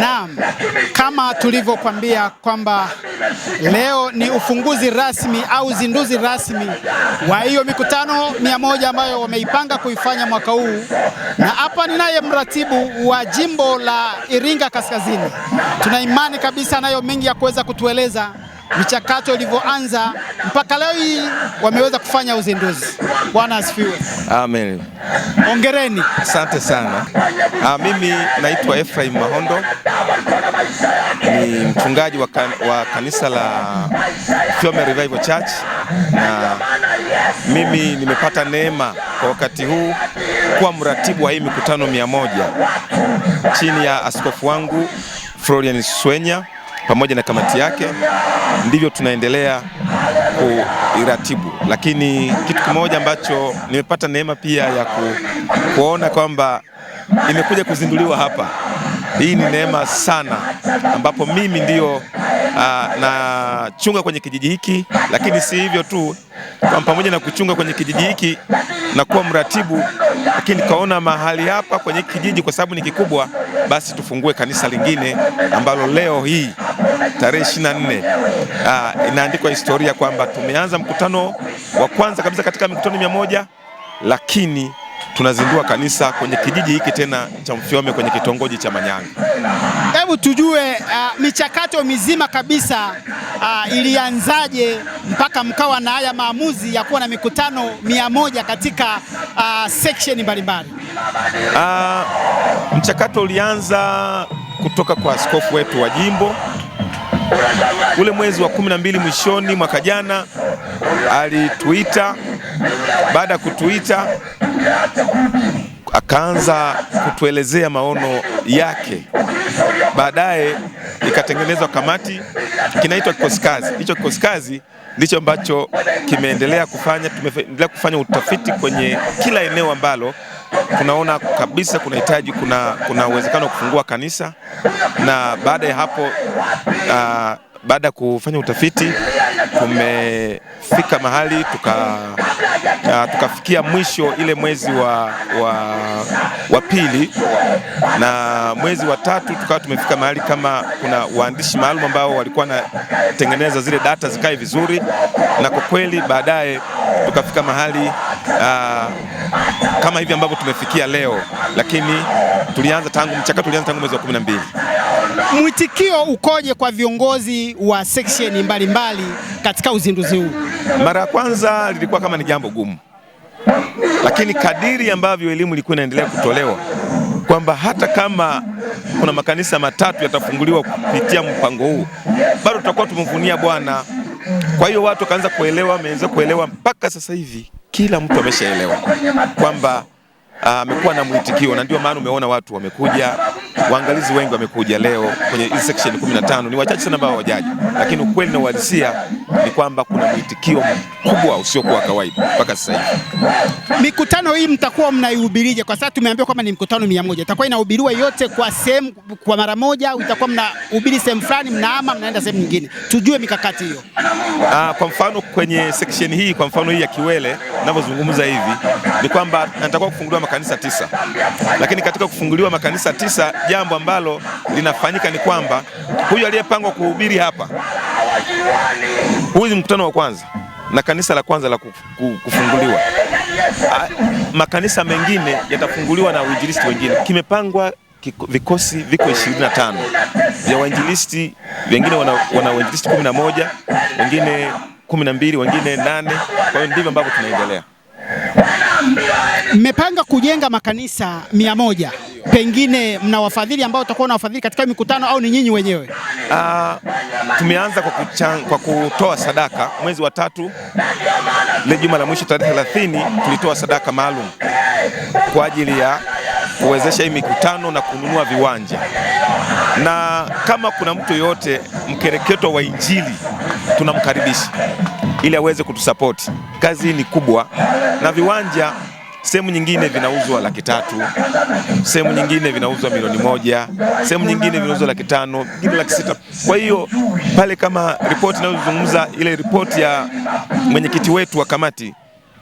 Naam, kama tulivyokwambia kwamba leo ni ufunguzi rasmi au uzinduzi rasmi wa hiyo mikutano mia moja ambayo wameipanga kuifanya mwaka huu, na hapa ninaye mratibu wa jimbo la Iringa Kaskazini. Tuna imani kabisa anayo mengi ya kuweza kutueleza michakato ilivyoanza mpaka leo hii wameweza kufanya uzinduzi. Bwana asifiwe. Amen. Hongereni. Asante sana. Ah, mimi naitwa Ephraim Mahondo ni mchungaji wa, kan, wa kanisa la Fiome Revival Church na mimi nimepata neema kwa wakati huu kuwa mratibu wa hii mikutano mia moja chini ya askofu wangu Florian Swenya pamoja na kamati yake, ndivyo tunaendelea kuiratibu. Lakini kitu kimoja ambacho nimepata neema pia ya ku, kuona kwamba imekuja kuzinduliwa hapa, hii ni neema sana, ambapo mimi ndiyo Ah, na chunga kwenye kijiji hiki, lakini si hivyo tu, kwa pamoja na kuchunga kwenye kijiji hiki na kuwa mratibu, lakini kaona mahali hapa kwenye kijiji kwa sababu ni kikubwa, basi tufungue kanisa lingine ambalo leo hii tarehe 24 ah, inaandikwa historia kwamba tumeanza mkutano wa kwanza kabisa katika mikutano mia moja lakini tunazindua kanisa kwenye kijiji hiki tena cha Mfyome kwenye kitongoji cha Manyanga hebu tujue uh, michakato mizima kabisa uh, ilianzaje mpaka mkawa na haya maamuzi ya kuwa na mikutano mia moja katika uh, section mbalimbali. Uh, mchakato ulianza kutoka kwa askofu wetu wa jimbo ule mwezi wa kumi na mbili mwishoni mwaka jana alituita. Baada ya kutuita akaanza kutuelezea maono yake. Baadaye ikatengenezwa kamati, kinaitwa kikosi kazi. Hicho kikosi kazi ndicho ambacho kimeendelea kufanya, tumeendelea kufanya utafiti kwenye kila eneo ambalo tunaona kabisa kunahitaji, kuna kuna uwezekano wa kufungua kanisa, na baada ya hapo uh, baada ya kufanya utafiti tumefika mahali tuka, uh, tukafikia mwisho ile mwezi wa, wa, wa pili na mwezi wa tatu tukawa tumefika mahali kama kuna waandishi maalum ambao walikuwa wanatengeneza zile data zikae vizuri, na kwa kweli baadaye tukafika mahali uh, kama hivi ambavyo tumefikia leo, lakini tulianza tangu mchakato, tulianza tangu mwezi wa kumi na mbili. Mwitikio ukoje kwa viongozi wa section mbalimbali katika uzinduzi huu? Mara ya kwanza lilikuwa kama ni jambo gumu, lakini kadiri ambavyo elimu ilikuwa inaendelea kutolewa kwamba hata kama kuna makanisa matatu yatafunguliwa kupitia mpango huu, bado tutakuwa tumevunia Bwana. Kwa hiyo watu wakaanza kuelewa, wameanza kuelewa mpaka sasa hivi kila mtu ameshaelewa kwamba ah, amekuwa uh, na mwitikio na ndio maana umeona watu wamekuja waangalizi wengi wamekuja leo kwenye section 15, ni wachache sana ambao wajaji, lakini ukweli na uhalisia ni kwamba kuna mwitikio mkubwa usiokuwa kawaida mpaka sasa hivi. Mikutano hii mtakuwa mnaihubirije? Kwa sasa tumeambiwa kwamba ni mkutano mia moja itakuwa inahubiriwa yote kwa sehemu kwa mara moja, itakuwa mnahubiri sehemu fulani mnaama mnaenda sehemu nyingine? Tujue mikakati hiyo. Ah, kwa mfano kwenye section hii, kwa mfano hii ya Kiwele ninavyozungumza hivi ni kwamba natakuwa kufunguliwa makanisa tisa, lakini katika kufunguliwa makanisa tisa, jambo ambalo linafanyika ni kwamba huyu aliyepangwa kuhubiri hapa huu ni mkutano wa kwanza na kanisa la kwanza la kufunguliwa. A, makanisa mengine yatafunguliwa na wainjilisti wengine. Kimepangwa vikosi viko 25 vya wainjilisti, wengine wana wainjilisti 11, wengine 12, wengine nane. Kwa hiyo ndivyo ambavyo tunaendelea. Mmepanga kujenga makanisa mia moja, pengine mna wafadhili ambao utakuwa na wafadhili katika mikutano au ni nyinyi wenyewe? Uh, tumeanza kwa, kuchang, kwa kutoa sadaka mwezi wa tatu, le juma la mwisho tarehe 30 tulitoa sadaka maalum kwa ajili ya kuwezesha hii mikutano na kununua viwanja, na kama kuna mtu yoyote mkereketo wa Injili tunamkaribisha ili aweze kutusapoti. Kazi ni kubwa, na viwanja sehemu nyingine vinauzwa laki tatu, sehemu nyingine vinauzwa milioni moja, sehemu nyingine vinauzwa laki tano, vingine laki sita. Kwa hiyo pale, kama ripoti inayozungumza ile ripoti ya mwenyekiti wetu wa kamati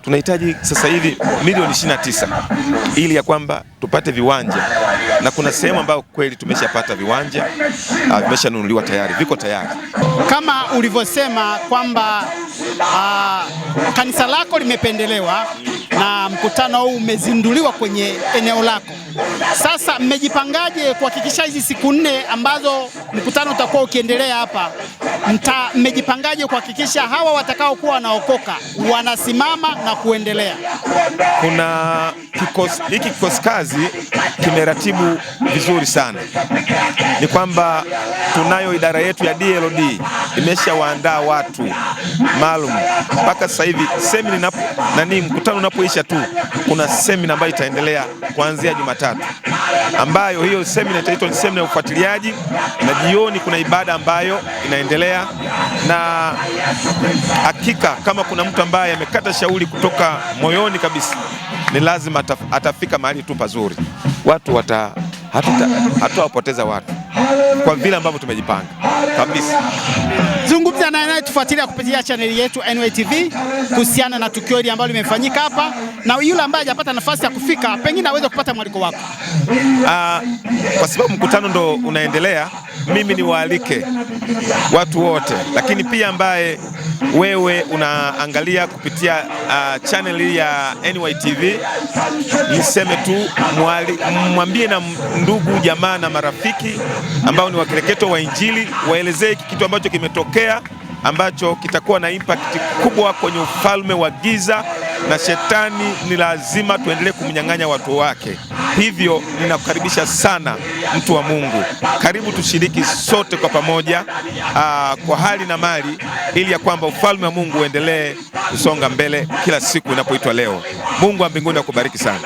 tunahitaji sasa hivi milioni 29 ili ya kwamba tupate viwanja, na kuna sehemu ambayo kweli tumeshapata viwanja ah, vimeshanunuliwa tayari, viko tayari kama ulivyosema kwamba ah, kanisa lako limependelewa na mkutano huu umezinduliwa kwenye eneo lako. Sasa mmejipangaje kuhakikisha hizi siku nne ambazo mkutano utakuwa ukiendelea hapa mmejipangaje kuhakikisha hawa watakaokuwa wanaokoka wanasimama na kuendelea? Kuna kikosi, hiki kikosi kazi kimeratibu vizuri sana. Ni kwamba tunayo idara yetu ya DLD imeshawaandaa watu maalum mpaka sasa hivi. Semina na nani, mkutano unapoisha tu kuna semina ambayo itaendelea kuanzia Jumatatu, ambayo hiyo semina itaitwa ni semina ya ufuatiliaji, na jioni kuna ibada ambayo inaendelea na hakika kama kuna mtu ambaye amekata shauri kutoka moyoni kabisa, ni lazima atafika mahali tu pazuri, watu wata hatutawapoteza watu kwa vile ambavyo tumejipanga kabisa. Zungumza na tufuatilia kupitia chaneli yetu NY TV kuhusiana na tukio hili ambalo limefanyika hapa, na yule ambaye hajapata nafasi ya kufika pengine aweze kupata mwaliko wako. Aa, ah, kwa sababu mkutano ndo unaendelea mimi niwaalike watu wote, lakini pia ambaye wewe unaangalia kupitia uh, chaneli ya NYTV, niseme tu mwali, mwambie na ndugu jamaa na marafiki ambao ni wakereketo wa Injili, waelezee kitu ambacho kimetokea ambacho kitakuwa na impact kubwa kwenye ufalme wa giza, na shetani ni lazima tuendelee kumnyang'anya watu wake. Hivyo ninakukaribisha sana mtu wa Mungu, karibu tushiriki sote kwa pamoja aa, ah, kwa hali na mali, ili ya kwamba ufalme wa Mungu uendelee kusonga mbele kila siku inapoitwa leo. Mungu wa mbinguni akubariki sana.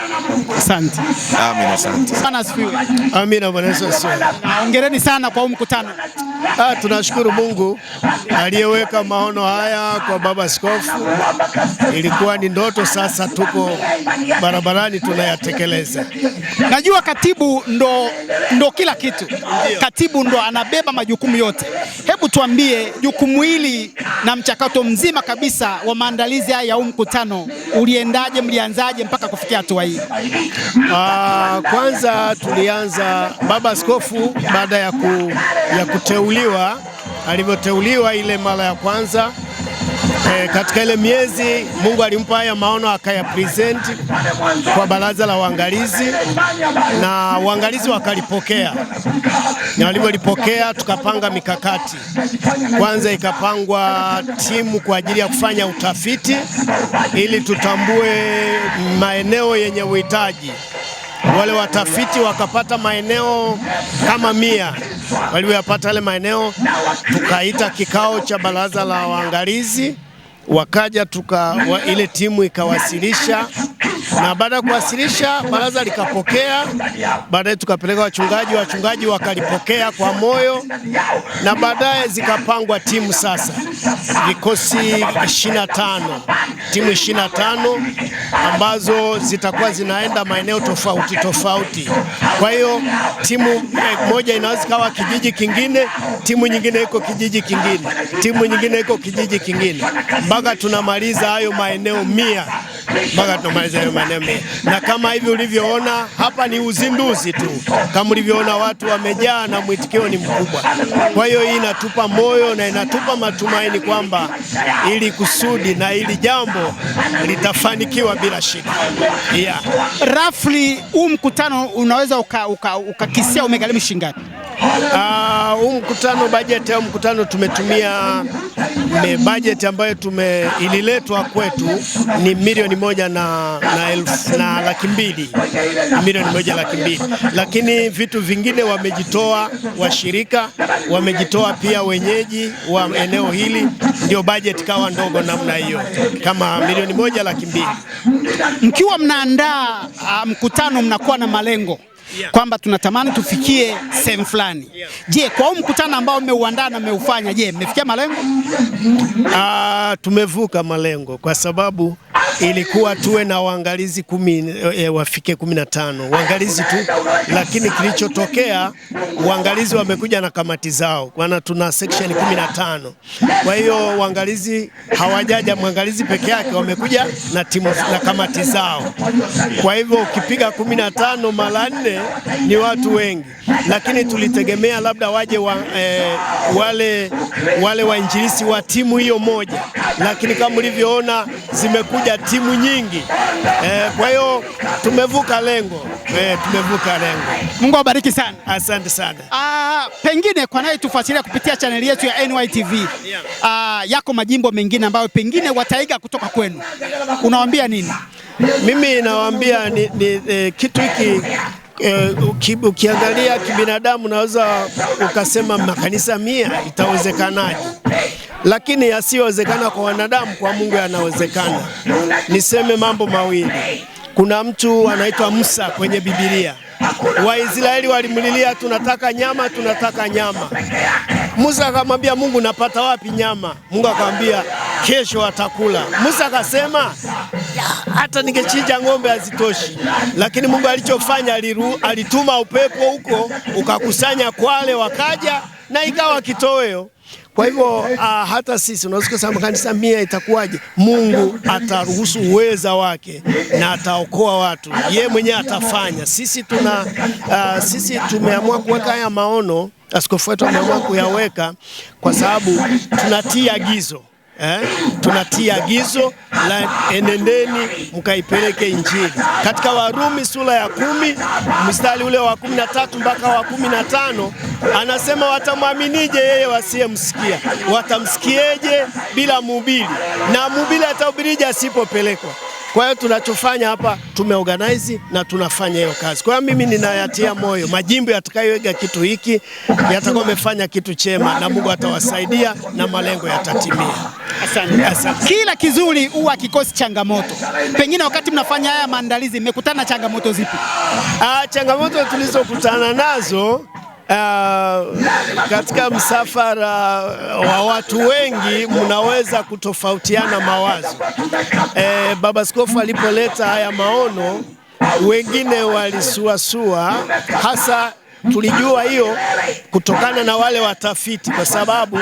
Asante. Amina, asante. Bwana asifiwe. Amina, Bwana Yesu asifiwe. Hongereni sana kwa huu mkutano. Ah, tunashukuru Mungu aliyeweka maono haya kwa baba askofu. Ilikuwa ni ndoto, sasa tuko barabarani tunayatekeleza. Najua katibu ndo, ndo kila kitu. Katibu ndo anabeba majukumu yote. Hebu tuambie jukumu hili na mchakato mzima kabisa wa maandalizi haya ya huu mkutano uliendaje? mlianzaje mpaka kufikia hatua hii? Ah, kwanza tulianza baba askofu baada ya, ku, ya kuteuliwa alivyoteuliwa ile mara ya kwanza E, katika ile miezi Mungu alimpa haya maono akayapresenti kwa baraza la uangalizi na uangalizi wakalipokea, na walipolipokea tukapanga mikakati. Kwanza ikapangwa timu kwa ajili ya kufanya utafiti ili tutambue maeneo yenye uhitaji. Wale watafiti wakapata maeneo kama mia walivyoyapata yale maeneo, tukaita kikao cha baraza la waangalizi wakaja tuka wa, ile timu ikawasilisha na baada ya kuwasilisha, baraza likapokea, baadaye tukapeleka wachungaji, wachungaji wakalipokea kwa moyo, na baadaye zikapangwa timu sasa, vikosi 25 timu 25 ambazo zitakuwa zinaenda maeneo tofauti tofauti. Kwa hiyo timu eh, moja inaweza kawa kijiji kingine, timu nyingine iko kijiji kingine, timu nyingine iko kijiji kingine, mpaka tunamaliza hayo maeneo mia mpaka tunamaliza hayo maneno. Na kama hivi ulivyoona hapa ni uzinduzi tu, kama ulivyoona watu wamejaa na mwitikio ni mkubwa. Kwa hiyo hii inatupa moyo na inatupa matumaini kwamba ili kusudi na ili jambo litafanikiwa bila shida. Yeah. Rafli, huu mkutano unaweza ukakisia uka, uka umegharimu shilingi ngapi? Ah, huu uh, mkutano bajeti au mkutano tumetumia bajeti ambayo tume ililetwa kwetu ni milioni moja na, na, elf, na laki mbili milioni moja laki mbili, lakini vitu vingine wamejitoa washirika, wamejitoa pia wenyeji wa eneo hili, ndio bajeti kawa ndogo namna hiyo, kama milioni moja laki mbili. Mkiwa mnaandaa uh, mkutano mnakuwa na malengo kwamba tunatamani tufikie sehemu fulani Je, kwa huu mkutano ambao mmeuandaa na mmeufanya, je, mmefikia malengo? Uh, tumevuka malengo kwa sababu ilikuwa tuwe na waangalizi kumi, e, wafike kumi na tano waangalizi tu, lakini kilichotokea waangalizi wamekuja na kamati zao, maana tuna section kumi na tano. Kwa hiyo waangalizi hawajaja mwangalizi peke yake, wamekuja na timu na kamati zao. Kwa hivyo ukipiga kumi na tano mara nne ni watu wengi, lakini tulitegemea labda waje wa, e, wale, wale wainjilisi wa timu hiyo moja, lakini kama ulivyoona zimekuja timu nyingi eh, kwa hiyo tumevuka lengo eh, tumevuka lengo. Mungu awabariki sana, asante sana. Ah, pengine kwa naye tufuatilia kupitia chaneli yetu ya NYTV yeah. Ah, yako majimbo mengine ambayo pengine wataiga kutoka kwenu, unawaambia nini? Mimi nawaambia ni, ni, eh, kitu hiki E, uki, ukiangalia kibinadamu unaweza ukasema makanisa mia itawezekanaje, lakini yasiyowezekana kwa wanadamu kwa Mungu yanawezekana. Niseme mambo mawili. Kuna mtu anaitwa Musa kwenye Biblia. Waisraeli walimlilia, tunataka nyama, tunataka nyama. Musa akamwambia Mungu, napata wapi nyama? Mungu akamwambia kesho atakula. Musa akasema hata ningechinja ng'ombe hazitoshi, lakini Mungu alichofanya aliru, alituma upepo huko ukakusanya kwale wakaja na ikawa kitoweo. Kwa hivyo uh, hata sisi unaweza kusema kanisa mia itakuwaje? Mungu ataruhusu uweza wake na ataokoa watu, yeye mwenyewe atafanya. Sisi tuna uh, sisi tumeamua kuweka haya maono, askofu wetu ameamua kuyaweka kwa sababu tunatii agizo eh, tunatia agizo la enendeni mkaipeleke Injili katika Warumi sura ya kumi mstari ule wa kumi na tatu mpaka wa kumi na tano anasema watamwaminije yeye wasiyemsikia? Watamsikieje bila mhubiri? Na mhubiri atahubirije asipopelekwa? Kwa hiyo tunachofanya hapa tumeorganize na tunafanya hiyo kazi. Kwa hiyo mimi ninayatia moyo majimbo yatakayoega kitu hiki yatakuwa amefanya kitu chema, na Mungu atawasaidia na malengo yatatimia. Asante, asante. Kila kizuri huwa kikosi changamoto. Pengine wakati mnafanya haya maandalizi mmekutana na changamoto zipi? Ah, changamoto tulizokutana nazo Uh, katika msafara wa watu wengi mnaweza kutofautiana mawazo. Eh, Baba Skofu alipoleta haya maono wengine walisuasua, hasa tulijua hiyo kutokana na wale watafiti, kwa sababu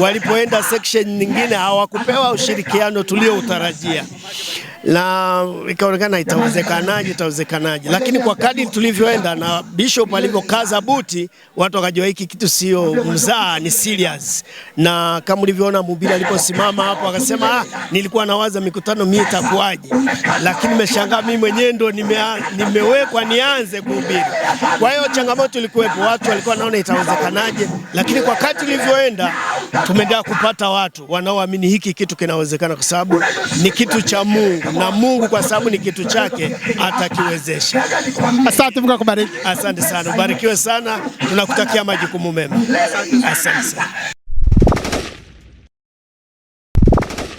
walipoenda section nyingine hawakupewa ushirikiano tulioutarajia na ikaonekana itawezekanaje, itawezekanaje, lakini kwa kadri tulivyoenda na Bishop alivyokaza buti, watu wakajua hiki kitu sio mzaa, ni serious. Na kama ulivyoona mhubiri aliposimama hapo akasema, ah, nilikuwa nawaza mikutano mimi itakuwaje, lakini nimeshangaa mimi mwenyewe ndo nime, nimewekwa nianze kuhubiri. Kwa hiyo changamoto ilikuwepo, watu walikuwa naona itawezekanaje, lakini kwa kadri tulivyoenda tumeendelea kupata watu wanaoamini hiki kitu kinawezekana, kwa sababu ni kitu cha Mungu na Mungu kwa sababu ni kitu chake atakiwezesha. Asante, Mungu akubariki. Asante sana, ubarikiwe sana, tunakutakia majukumu mema. Asante sana.